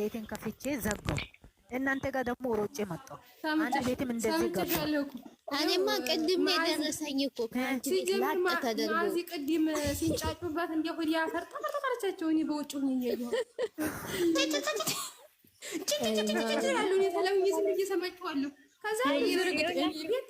ቤቴን ከፍቼ ዘጋው። እናንተ ጋር ደግሞ ሮጬ መጣሁ። አንተ ቤትም እንደዚህ ገባ። እኔማ ቅድም ነው የደረሰኝ እኮ ከአንቺ ላቅ ተደርጎ እዚህ ቅድም ሲንጫጩባት እንደ ሁድ ያፈር ተመረመረቻቸው። እኔ በውጭ ሆኜ እያየሁ ያሉ ተለምኝ እየሰማችኋለሁ። ከዛ ቤት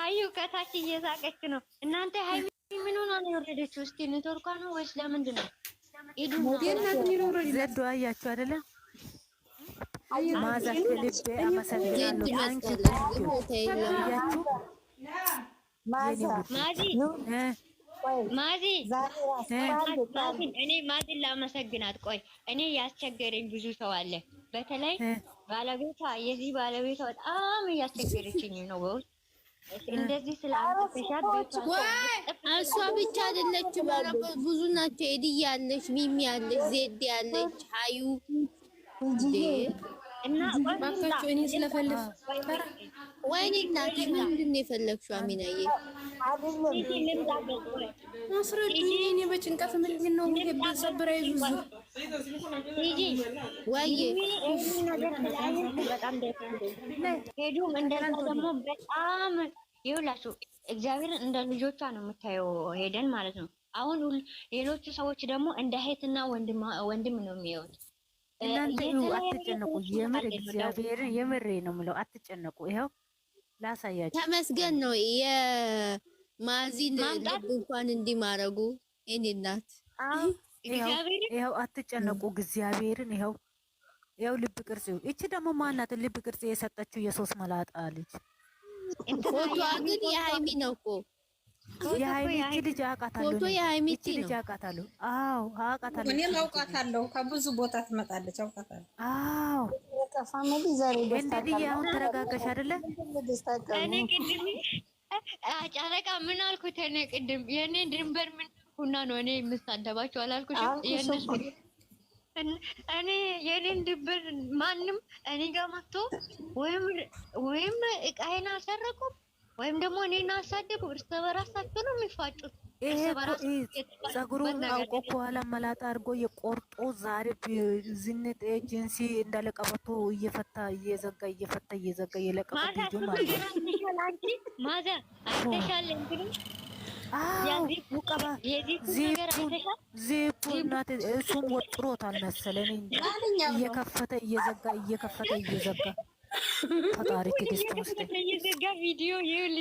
ሀዩ ከታች እየሳቀች ነው። እናንተ ሀይ ምን ሆና ነው የወረደችው? እስኪ ኔትወርኳ ነው ወይስ ለምንድን ነው? ሄዱ ዜዶ አያችሁ አይደለም ማዘር ልቤ አመሰግናለሁ። አንቺ ታያችሁ ማዚ እኔ ማዚን ላመሰግናት። ቆይ እኔ ያስቸገረኝ ብዙ ሰው አለ። በተለይ ባለቤቷ የዚህ ባለቤቷ በጣም እያስቸገረችኝ ነው። በውስጥ እንደዚህ ስለአንተሻት እሷ ብቻ አይደለችም፣ ብዙ ናቸው። ኤድዬ አለች፣ ሚሚ አለች፣ ዜድ አለች፣ ሀዩ እና እኔ ወይኔ ምንድን ነው የፈለግሽው? አሚናዬ አስረዱኝ። እኔ በጭንቀት ምንድን ነው ሰብራ ሄዱም ደግሞ በጣም ይውላችሁ እንደ ልጆቿ ነው የምታየው ሄደን ማለት ነው። አሁን ሌሎቹ ሰዎች ደግሞ እንደ እህትና ወንድም ነው የሚያዩት Eh, እናንተ አትጨነቁ። የምር እግዚአብሔር የምሬ ነው ምለው አትጨነቁ። ይኸው ላሳያችሁ። ተመስገን ነው የማዚን ልብ እንኳን እንዲማረጉ እኔ እናት ይኸው፣ አትጨነቁ። እግዚአብሔርን ይኸው ይኸው ልብ ቅርጽ እቺ ደግሞ ማናት? ልብ ቅርጽ የሰጠችው የሶስት መላጣ ልጅ ፎቶ ግን የሀይሚ ነው እኮ የሀይሚቲ ልጅ አውቃታለሁ። ፎቶ ልጅ አውቃታለሁ። አዎ አውቃታለሁ። እኔም አውቃታለሁ። ከብዙ ቦታ ትመጣለች። አውቃታለሁ። አዎ አሁን ተረጋጋሽ አይደለ? እኔ ቅድም ጨረቃ ምን አልኩት? እኔ ቅድም የእኔ ድንበር ምን ሆና ነው እኔ የምሳደባቸው አላልኩሽም? እኔ የኔን ድንበር ማንም እኔ ጋር መጥቶ ወይም ወይም እቃዬን አልሰረቁም ወይም ደግሞ እኔን አሳደቡ እርስ በራሳቸው ነው የሚፋጩት። ይሄ ጸጉሩን አውቆ ከኋላ መላጣ አድርጎ የቆርጦ ዛሬ ዝንጥ ጅንሲ እንዳለ ቀበቶ እየፈታ እየዘጋ እየፈታ እየዘጋ እየለቀቀ ልጁ እሱም ወጥሮታል መሰለኝ እየከፈተ እየዘጋ እየከፈተ እየዘጋ ፈጣሪ ትግስት ወስደ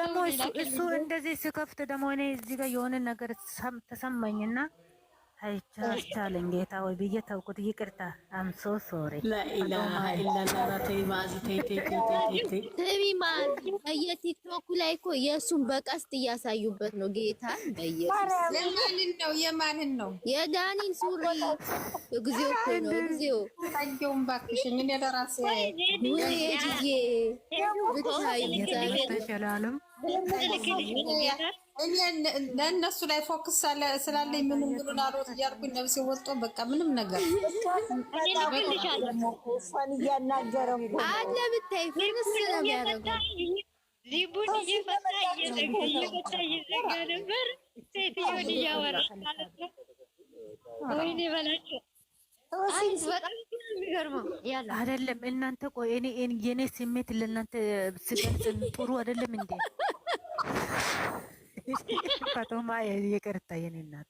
ደግሞ እሱ እንደዚህ ስከፍት ደግሞ እኔ እዚህ ጋር የሆነ ነገር ተሰማኝና አይቻልም ጌታ ወይ ብዬ ተውኩት። ይቅርታ አምሶ ሶሪ በየቲክቶኩ ላይ እኮ የእሱን በቀስት እያሳዩበት ነው። ጌታ በየሱስማንን ነው የማንን ነው የዳኒን ሱሪ እግዚኦ እኮ ነው እግዚኦ። ለራሴ ብታይ ይዛለም ለእነሱ ላይ ፎክስ ስላለኝ ምንም ብሉን አሮት እያልኩኝ ነብሴ በቃ ምንም ነገር አይደለም እናንተ ቆይ እኔ የኔ ስሜት ለእናንተ ስገልጽ ጥሩ አይደለም እንዴ? ከተማ የቅርታ የኔ እናት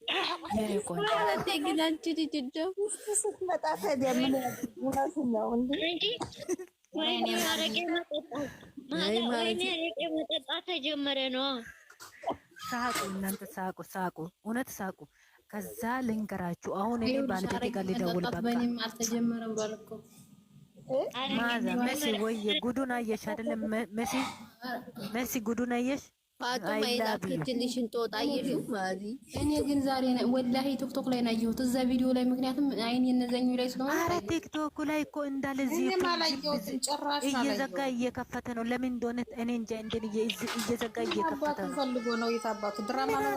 ተጀመረ ነው። ሳቁ፣ እናንተ ሳቁ፣ ሳቁ፣ እውነት ሳቁ። ከዛ ልንገራችሁ አሁን እኔ ባለቤቴ ጋር ልደውል ማዛ መሲ፣ ወይ ጉዱን አየሽ አይደለም? መሲ መሲ፣ ጉዱን አየሽ ፋጡ ማይዛክችልሽን ጦጣ አየሽው። እኔ ግን ዛሬ ወላሂ ቲክቶክ ላይ ናየሁት እዛ ቪዲዮ ላይ ምክንያቱም አይኔ እነዛኙ ላይ ስለሆነ፣ ኧረ ቲክቶክ ላይ እኮ እንዳለ እየዘጋ እየከፈተ ነው። ለምን እንደሆነ እኔ እንጃ። እንደን እየዘጋ እየከፈተ ነው። ፈልጎ ነው የታባቱ ድራማ ነው።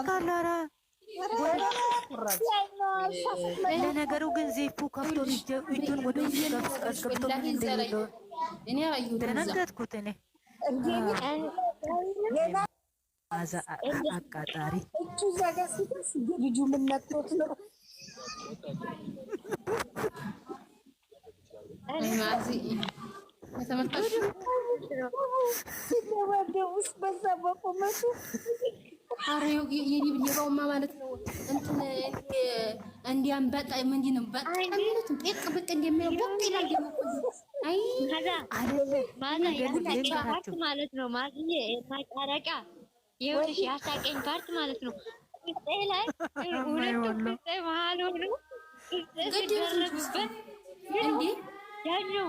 ለነገሩ ግን ዜፉ ከፍቶ እጁን ወደ አስገብቶ ምን እኔ አቃጣሪ እጁ ሲደርስ ምን ነው? ሲደባደቡስ በዛ የባውማ ማለት ነው። እንትን ነው ብቅ እንደሚለው ይላል። አይ ማለት ነው ይኸውልሽ ያሳቀኝ ፓርት ማለት ነው ቅጤ ላይ ቅጤ መሀል ሆኖ ያኛው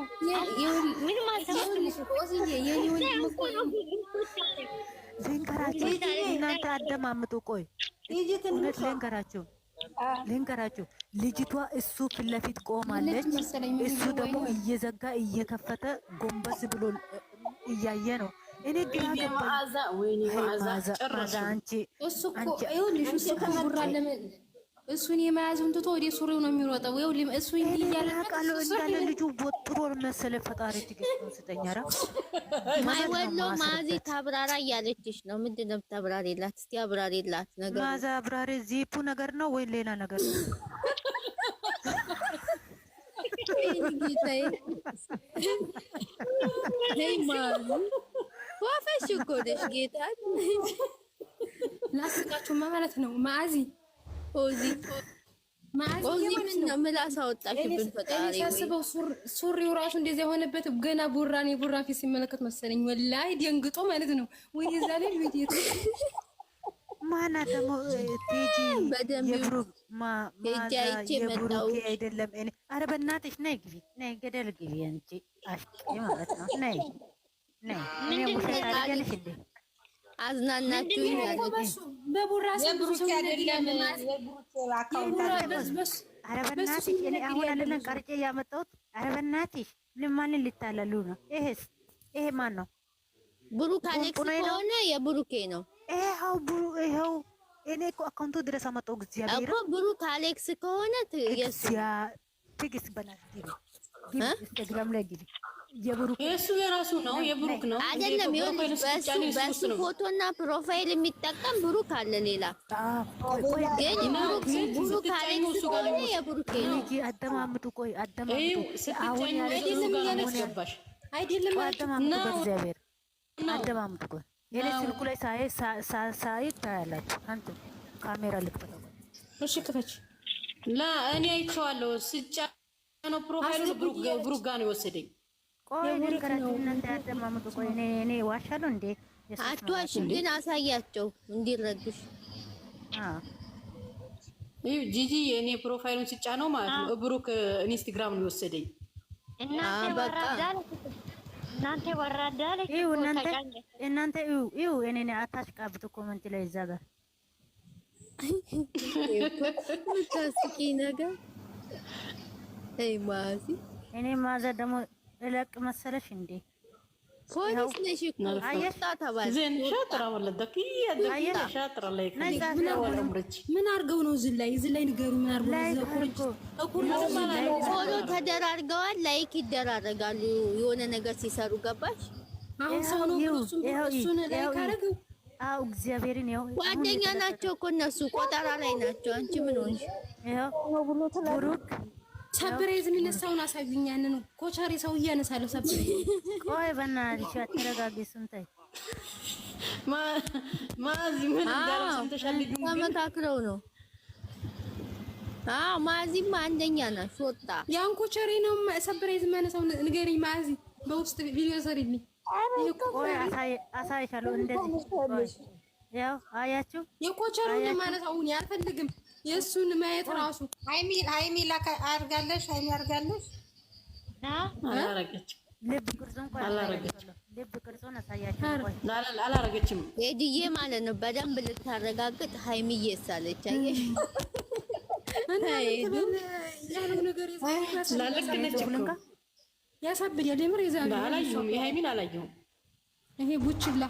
እናንተ አደማምጡ። ቆይ እውነት ልጅቷ እሱ ፊት ለፊት ቆማለች፣ እሱ ደግሞ እየዘጋ እየከፈተ ጎንበስ ብሎ እያየ ነው እኔ ግራ መዓዛ ወይኔ መዓዛ ጨራሽ። እሱን የመያዙን ትቶ ወደ ሱሪው ነው የሚሮጠው። ይኸው እሱ እንዲህ እንዳለ ልጁ ወጥሮ መሰለ። ፈጣሪ ትግስቱን ስጠኝ። ኧረ ማይወለው ማዚ ታብራራ እያለችሽ ነው። ምንድን ነው የምታብራሪላት? እስኪ አብራሪላት ነገር ማዛ አብራሪ። ዚፑ ነገር ነው ወይ ሌላ ነገር ነው? ጌታዬ ወፈሽ እኮ ነሽ ጌታ ላስቃችሁማ ማለት ነው። ማዚ ኦዚ ማዚ ምን ምላስ አወጣሽብን ፈጣሪ። ሳስበው ሱሪው ራሱ እንደዚህ የሆነበት ገና ቡራን የቡራ ፊት ሲመለከት መሰለኝ ወላይ ደንግጦ ማለት ነው። ወይ እዛ ላይ ቪዲዮ ማና ደግሞ ቴጂ የብሩክ ማማቴጂ መጣው አይደለም። እኔ አረ በእናትሽ ነይ ግቢ፣ ነይ ገደል ግቢ አንቺ አሽቄ ማለት ነው ነይ አዝናናችሁኝ። ቀርጬ ያመጣሁት። አረበናትሽ ልማንን ልታለሉ ነው? ይሄስ ይሄ ማን ነው? ብሩክ አሌክስ ከሆነ የብሩኬ ነው። ይሄው ብሩ ይሄው እኔ እኮ አካውንቱ ድረስ አመጣው። እግዚአብሔር እኮ ብሩክ አሌክስ ከሆነ ትግስት በናት ኢንስታግራም ላይ ግቢ የብሩክ የእሱ የራሱ ነው፣ የብሩክ ነው አይደለም። በእሱ ፎቶና ፕሮፋይል የሚጠቀም ብሩክ አለ። ሌላ ግን ብሩክ ብሩክ አለ አሌክስ ከሆነ የብሩክ ነው። አደማምጡ፣ ቆይ አደማምጡ። አደማምጡ፣ ቆይ የኔ ስልኩ ላይ ሳይ ታያላችሁ። አንተ ካሜራ ልክፈተው። እሺ ክፈች። ላ እኔ አይቼዋለሁ። ስጫ ነው ፕሮፋይሉ ብሩክ ጋር ነው የወሰደኝ ቆይ ነገራችሁ ዋሻለሁ እንዴ? አትዋሽም፣ ግን አሳያቸው እንዲረዱሽ። አዎ ይሄ ጂጂ የእኔ ፕሮፋይሉን ስጫ ነው ማለት ነው። ብሩክ ኢንስታግራም ነው የወሰደኝ። እናንተ ወራዳ እናንተ እናንተ እናንተ እኔ ነኝ። አታሽቃብጡ ኮመንት ላይ እዛ ጋር ምታስቂ ነገር እኔ ማዘ ደግሞ እለቅ መሰለሽ እንዴ? ፖሊስ ምን ነው እዚህ ላይ እዚህ ላይ ንገሩ። ምን ፎሎ ተደራርገዋል፣ ላይክ ይደራረጋሉ የሆነ ነገር ሲሰሩ። ገባሽ? አሁን ሰው ነው እሱን ላይክ አው እግዚአብሔርን ያው ጓደኛ ናቸው እኮ እነሱ ቆጠራ ላይ ናቸው። አንቺ ምን ሆንሽ? ብሎ ሰብሬ ዝም ይነሳውን አሳዩኝ። ያንን ኮቻሪ ሰው እያነሳለሁ። ሰብሬ ቆይ በእናትሽ አትረጋጊ። ስንታይ ተይ። ማዚ ምን እንዳለው ሰምተሻል? ተመካክለው ነው። አዎ ማዚም አንደኛ ናት። ሾጣ ያን ኮቻሪ ነው ሰብሬዝ የማነሳው። ንገሪኝ ማዚ፣ በውስጥ ቪዲዮ ሰሪልኝ። ቆይ አሳይሻለሁ። እንደዚህ ያው አያችሁ፣ የኮቻሪውን የማነሳውን አልፈልግም የእሱን ማየት ራሱ ሀይሚ ሀይሚ ላካ አድርጋለሽ ሀይሚ አድርጋለሽ አላረገችም። ኤድዬ ማለት ነው። በደንብ ልታረጋግጥ ሀይሚ እየሳለች አየሽ። የምር የሀይሚን አላየሁም። ይሄ ቡችላ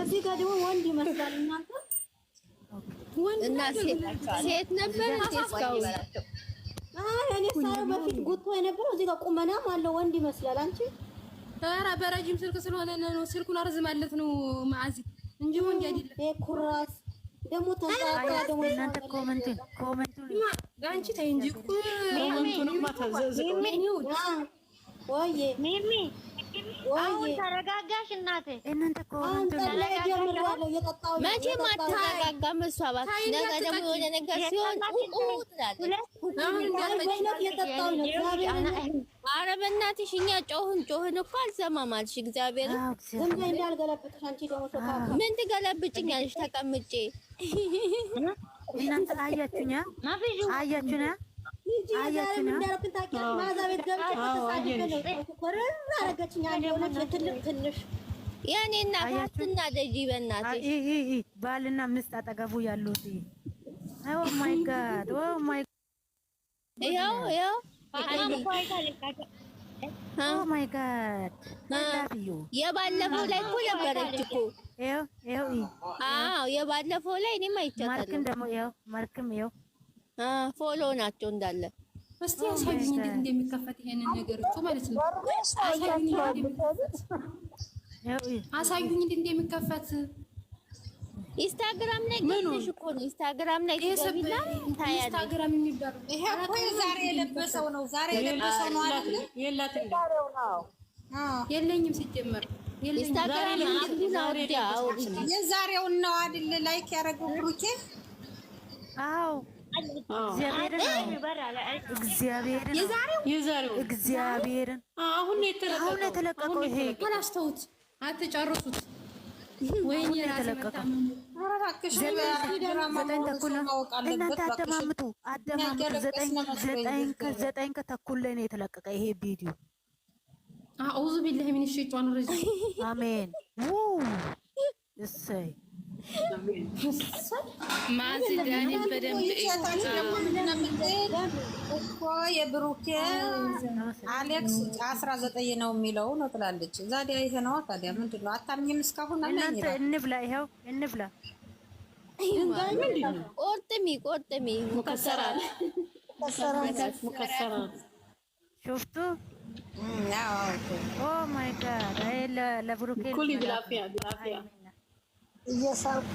እዚህ ጋር ደግሞ ወንድ ይመስላል እና ሴት ነበር እኔ ሳየው በፊት ጉቶ የነበረው እዚህ ጋር ቁመናም አለው ወንድ ይመስላል። አንቺ ኧረ በረጅም ስልክ ስለሆነ ነው ስልኩን አርዝማለት ነው ማዕዚ እንጂ ወንድ አይደለም። የኩራስ ደግሞ ተዛጋ ደግሞ እናንተ ኮመንት ኮመንት ተይ እንጂ ኮመንቱንማ ተዘዘ ወይዬ ሚሚ አሁን ተረጋጋሽ እናቴ። እናንተ እኮ መቼም አትረጋጋም እሷ እባክሽ። ነገ ደግሞ የሆነ ነገር ሲሆን ትላለች። በእናትሽ እኛ ጮህን ጮህን እኮ አልሰማም አልሽ። እግዚአብሔር ምን ትገለብጭኛለሽ? ተቀምጬ እናንተ አያችሁኛ አያችሁኛ ባልና ምስት አጠገቡ ያሉት oh oh oh የባለፈው ላይ እኮ ነበረች እኮ የባለፈው ላይ እኔም አይቻታለሁ። ፎሎ ናቸው እንዳለ። እስቲ አሳዩኝ እንዴት እንደሚከፈት ይሄንን ነገር እኮ ማለት ነው። አሳዩኝ እንዴት እንደሚከፈት ኢንስታግራም ላይ ገብተሽ እኮ ነው። ኢንስታግራም ላይ ኢንስታግራም ይሄ እኮ ዛሬ የለበሰው ነው። ዛሬ የለበሰው ነው አይደል? የላት አዎ የለኝም ሲጀመር የዛሬውን ነው አይደል ላይክ ያደረገው ብሩኬ? አዎ እግዚአብሔርን አሁን የተለቀቀው ይሄ አላስተውት አትጨርሱት። ወይኔ እናንተ አደማምጡ አደማምጡ። ዘጠኝ ከተኩል ላይ ነው የተለቀቀ ይሄ ቪዲዮ። አዑዙ ቢላሂ ሚን ሸይጧን ረጂም አሜን። እሰይ ማዚ ዳኒ በደንብ እኮ የብሩኬ አሌክስ አስራ ዘጠኝ ነው የሚለው ነው ትላለች። ዛዲያ ይሄ ነዋ። ታዲያ ምንድን ነው አታምኝም? እስካሁን እንብላ፣ ይኸው እንብላ። ቆርጥሚ ቆርጥሚ፣ ሙከሰራል ሙከሰራል ኦ ማይ ጋድ ለብሩኬ እየሳቁ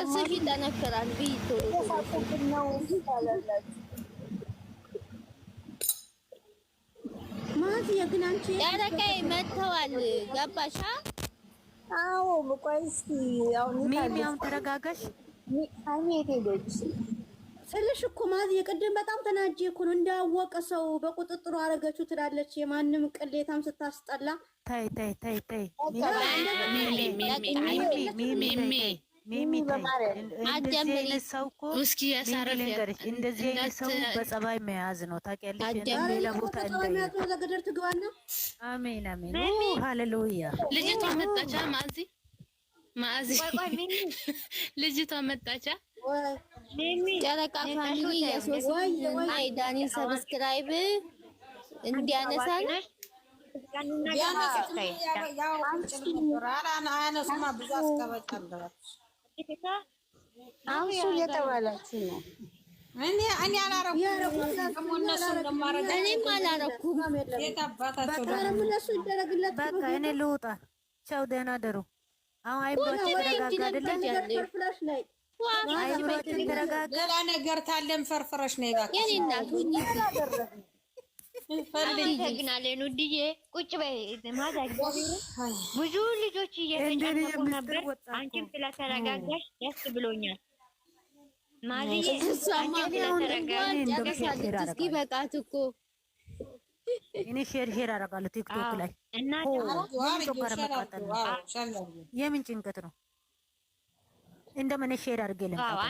እዚህ ይጠነክራል ብይቶ እየሳቁብን ነው ይባላላችሁ። ማለት የግን አንቺ ጨረቃዬ መጥተዋል። ገባሻ? አዎ ቆይ እስኪ ተረጋጋሽ። ስልሽ እኮ ማዚ የቅድም በጣም ተናጄ እኮ ነው። እንዳያወቀ ሰው በቁጥጥሩ አደረገችው ትላለች። የማንም ቅሌታም ስታስጠላ ተይ ተይ ተይ ተይ እንደዚህ አይነት ሰው መጣቻ ሰብስክራይብ እንዲያነሳል አሁን እየተባላችሁ ነው። እኔ አላረኩም፣ እነሱ እንደማረግ እኔም አላረኩም። እነሱ ይደረግለት። በቃ እኔ ልውጣ። ቻው፣ ደህና ደሩ። አሁን አይምሮችን ተረጋጋ። አይምሮችን ተረጋጋ። ሌላ ነገር ታለም ፈርፍረሽ ነው አመሰግናለን ውድዬ። ቁጭ በይ ማዛጅ። ብዙ ልጆች እየተጫነቁ ነበር። አንቺም ስለተረጋጋሽ ደስ ብሎኛል። ማዝዬ አንቺም ስለተረጋጋሽ እስኪ በቃት እኮ እኔ ሼር ሼር አደርጋለሁ ቲክቶክ ላይ እና የምን ጭንቀት ነው? እንደምን ሼር አድርጌ ልምጣ።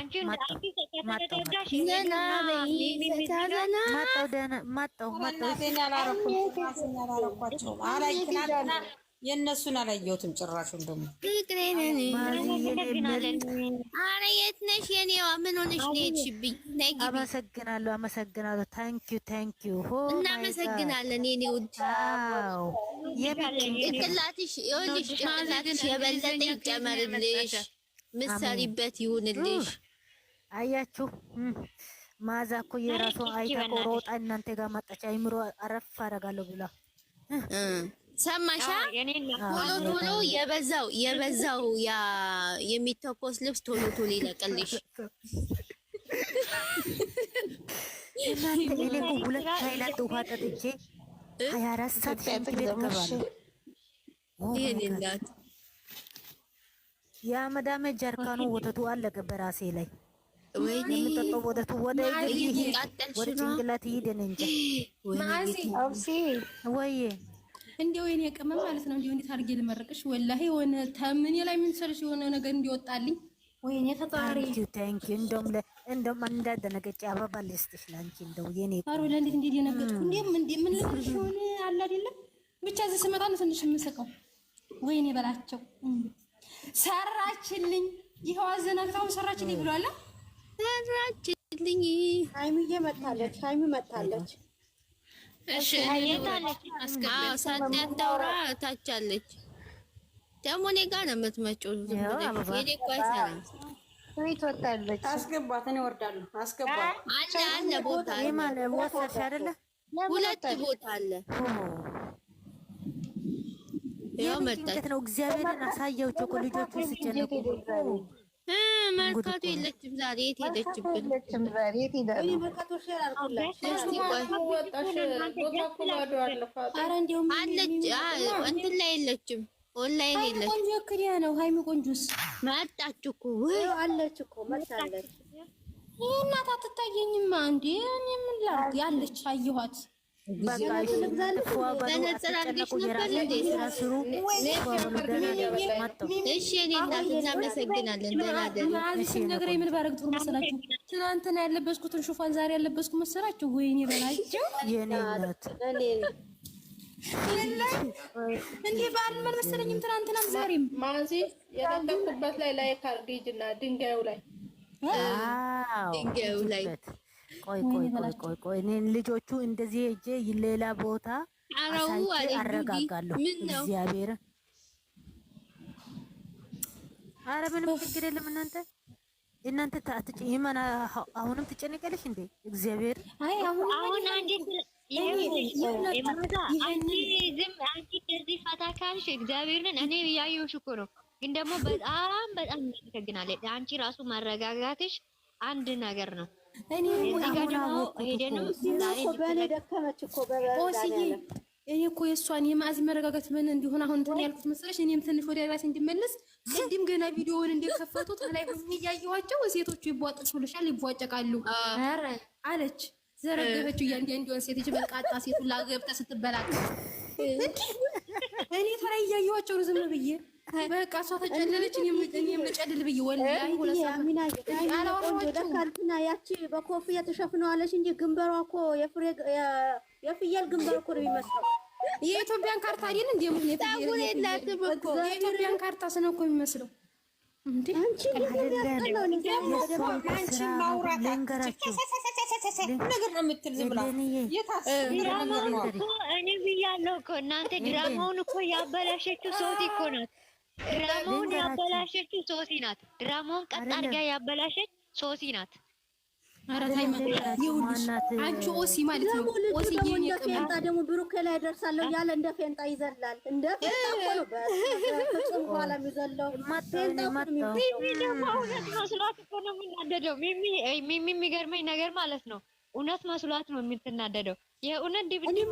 የእነሱን አላየሁትም ጭራሹን። ደግሞ የት ነሽ የኔዋ? ምን ሆነሽ ነው የሄድሽብኝ? አመሰግናለሁ፣ አመሰግናለሁ። ታንኪዩ ታንኪዩ። እናመሰግናለን የኔ ውድ። ጭንቅላትሽ ይኸውልሽ፣ ጭንቅላትሽ የበለጠ ይጨመርልሽ። ምሳሌበት ይሁንልሽ። አያችሁ ማዛ እኮ የራሷ አይታ ሮጣ እናንተ ጋር መጣች። አይምሮ አረፍ አደርጋለሁ ብላ ሰማሻ። ቶሎ ቶሎ የበዛው የበዛው ያ የሚተኮስ ልብስ ቶሎ ቶሎ ይለቀልሽ። እናንተ ሁለት ሃይላንድ ውሃ ጠጥቼ ሀያ አራት ሰዓት ሽንት ቤት ገባለሁ። ይህን እናት ያ የመዳሜ ጀርካኑ ወተቱ አለቀ በራሴ ላይ የሚጠጣው ወተቱ ወደ ወደ ጭንቅላት ይሄድን እንጂ ወይ እንደው የኔ ቅመም ማለት ነው። እንደው እንዴት አድርጌ ልመርቅሽ? ወላሂ የሆነ ተምኔ ላይ የምንሰርሽ የሆነ ነገር እንዲወጣልኝ ወይኔ ተጣሪ ታንክ ዩ እንደም እንደም ደነገጭ አበባ ልስጥሽ ላንቺ እንደው የኔ ታሩ ለእንዴት ደነገጭ እንዴ ምን እንዴ ምን ልልሽ ሆነ አለ አይደለም ብቻ እዚህ ስመጣ ነው ትንሽ የምስቀው ወይኔ በላቸው እንዴ ሰራችልኝ። ይኸው አዘናግታው ሰራችልኝ ብሏል። ሰራችልኝ። ሃይሚዬ መጣለች። ሃይሚ መጣለች። እሺ ሳታውራ ታቻለች። ደግሞ እኔ ጋር ነው የምትመጪው። እኔ እኮ አይሰራም። ትወጣለች። አስገባት። እኔ እወርዳለሁ። አስገባት። አለ አለ ቦታ አለ። ሁለት ቦታ አለ ጭንቀት ነው። እግዚአብሔርን አሳያቸው እኮ ልጆቹ ሲጨነቁ መርካቶ የለችም ዛሬ። የት ሄደችብን? እንትን ላይ የለችም፣ ኦንላይን የለችም። ቆንጆ ክሪያ ነው። ሀይሚ ቆንጆስ መጣች እኮ አለች እኮ መጣለች። ይህ እናት አትታየኝማ እንዴ! እኔ ምን ላድርግ ያለች አየኋት ነገረኝ። ምን ባረግ ጥሩ መሰላችሁ? ትናንትና ያለበስኩትን ሹፋን ዛሬ ያለበስኩ መሰላችሁ? ወይኔ በላቸው እንዲህ በዓል ምን መሰለኝም፣ ትናንትናም ዛሬም ማዚ የለለኩበት ላይ ላይ ካርዲጅ እና ድንጋዩ ላይ ድንጋዩ ላይ ቆይ ቆይ ቆይ ቆይ ቆይ ልጆቹ እንደዚህ ሄጄ ሌላ ቦታ አረጋጋለሁ። እግዚአብሔር አረ ምንም ችግር የለም። እናንተ እናንተ ታጥቂ ይመና አሁንም ትጨነቀለሽ እንዴ? እግዚአብሔር አይ አሁን አንዴ ከዚህ እኔ ያየሁሽ እኮ ነው። ግን ደግሞ በጣም በጣም ያመሰግናል። አንቺ ራሱ ማረጋጋትሽ አንድ ነገር ነው። እኔ እኮ የእሷን የማዚ መረጋጋት ምን እንዲሆን አሁን እንትን ያልኩት መሰለሽ። እኔም ትንሽ ወደ ራሴ እንዲመለስ እንዲም ገና ቪዲዮውን እንደከፈቱት ከላይ ሁሉ እያየኋቸው ሴቶቹ ይቧጥሱልሻል፣ ይቧጨቃሉ አለች። ዘረገፈችው እያንዳንዷን ሴት በቃጣ ሴቱ ላገብተ ስትበላት እኔ ተላይ እያየኋቸው ነው ዝም ብዬ በቃ እሷ ተጨለለች፣ እኔም ልጨልል ብዬ ያቺ በኮፍያ ተሸፍነዋለች እንጂ ግንበሯ እኮ የፍየል ግንበር እኮ ነው የሚመስለው። የኢትዮጵያን ካርታ አይደል እንዴ? የኢትዮጵያን ካርታ እኮ የሚመስለው እኔ ብያለሁ እኮ እናንተ ድራማውን እኮ ያበላሸችው ሰውት እኮ ናት። ድራማውን ያበላሸችው ሶሲ ናት። ድራማውን ቀጥ አድርጋ ያበላሸች ሶሲ ናት። አንቺ ኦሲ ማለት ነው። ኦሲ እንደ ፌንጣ ደግሞ ብሩኬ ላይ ደርሳለሁ ያለ እንደ ፌንጣ ይዘላል። እንደ ፌንጣ እኮ ነው በፍጹም በኋላ የሚዘለው ፌንጣ ደግሞ እውነት መስሏት እኮ ነው የምናደደው። ሚሚ የሚገርመኝ ነገር ማለት ነው እውነት መስሏት ነው የምትናደደው የእውነት ዲብ